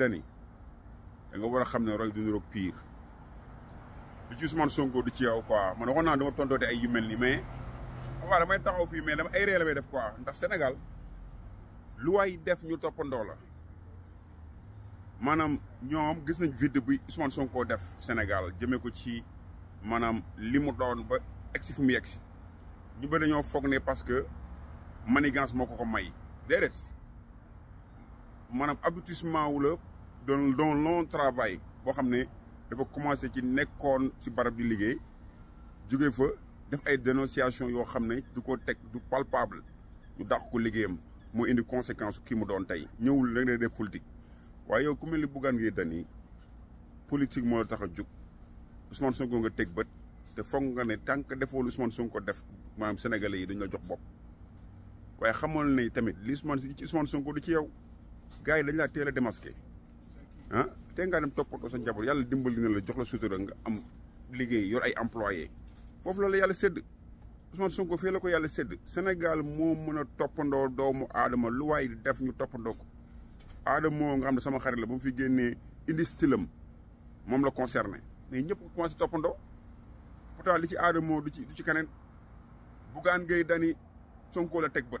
dani da nga wara xamne roy du niroog pire du ci Ousmane Sonko du ci yow quoi man waxoon naa dama tontoote ay yu mel ni mais waaw damay taxaw fi mais dama ay réew la def quoi ndax Sénégal lu waay def ñu toppandoo la manam ñom gis nañ vide bi Ousmane Sonko def Sénégal jëme ko ci manam limu doon ba exi fu mu exi ñu bëri dañoo fogné parce que manigance moko ko may déedéet maanaam aboutissement wu la don don long boo xam ne dafa commencé ci nekkoon ci barab di liggéey jóge fa def ay dénonciation yoo xam ne du ko teg du palpable du dàq ko liggéeyam moo indi conséquence kii mu doon tey ñëwul rek ne def politique waaye yow ku mel ni Bougane Gueye Dany politique moo la tax a jug Ousmane Sonko nga teg bët te foog nga ne tant que defoo lu Ousmane Sonko def maanaam sénégalais yi dañu la jox bopp waaye xamal ne tamit li Ousmane ci Ousmane Sonko du ci yow. gars yi dañ laa teel a démasqué ah te ngaa dem toppatoo sa njaboot yàlla dimbali na la jox la sutura nga am liggéey yor ay employé foofu la la yàlla sédd Ousmane Sonko la ko yàlla sédd Sénégal moo mën a toppandoo doomu aadama lu waay def ñu toppandoo ko aadama moo nga xam ne sama xarit la ba mu fi génnee indi stylam moom la concerné mais ñëpp commencé toppandoo pourtant li ci aadama du ci du ci keneen Bougane Gueye Dany Sonko la teg bët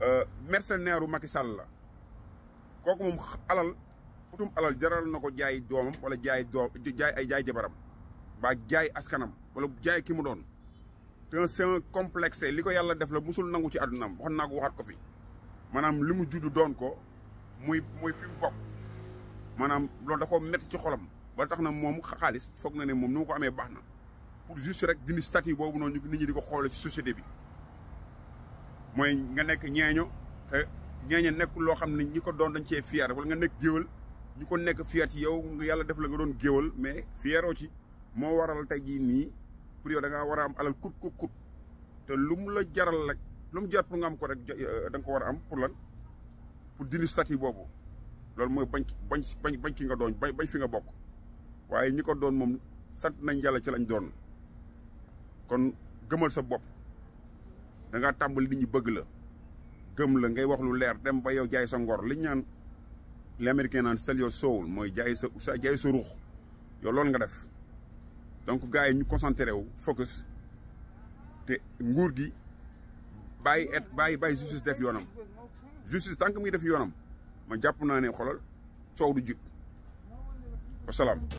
Euh, mercenaire u Macky la kooku moom alal utum alal jaral na ko jaay doomam wala jaay doom jaay ay jaay jabaram ba jaay askanam wala jaay ki mu doon te c'est un li ko yàlla def la musul nangu ci àdduna waxoon naa ko waxaat ko fi maanaam li mu judd doon ko muy muy fi mu bokk maanaam loolu da ko métti ci xolam ba tax na moom xaalis foog na ne moom nu mu ko amee baax na pour juste rek dindi statut boobu noonu ni ñi di ko xoole ci société bi mooy nga nekk ñeeño te ñeeño nekkul loo xam ne ñi ko doon dañ cee fier wala nga nekk géwal ñi ko nekk fier ci yow yàlla def la nga doon géwal mais fieroo ci moo waral tey jii nii pour yow da ngaa war a am alal kut kut kut te lu mu la jaral rek lu mu jar pour nga am ko rek euh, da ko war am pour lan pour dindi yi boobu loolu mooy bañ bañ bañ bañ ki nga doon bañ bañ fi nga bokk waaye ñi ko doon moom sant nañ yàlla ci lañ doon kon gëmal sa bopp danga nga tàmbali nit ñi bëgg la gëm la ngay wax lu leer dem ba yow jaay sa ngor li naan l' américain naan sell your soul mooy jaay sa jaay sa ruux yow loolu nga def donc gars yi ñu concentré wu focus te nguur gi bàyyi et bàyyi bàyyi justice def yoonam justice tant muy def yoonam ma jàpp naa ne xolal coow du jub wasalaam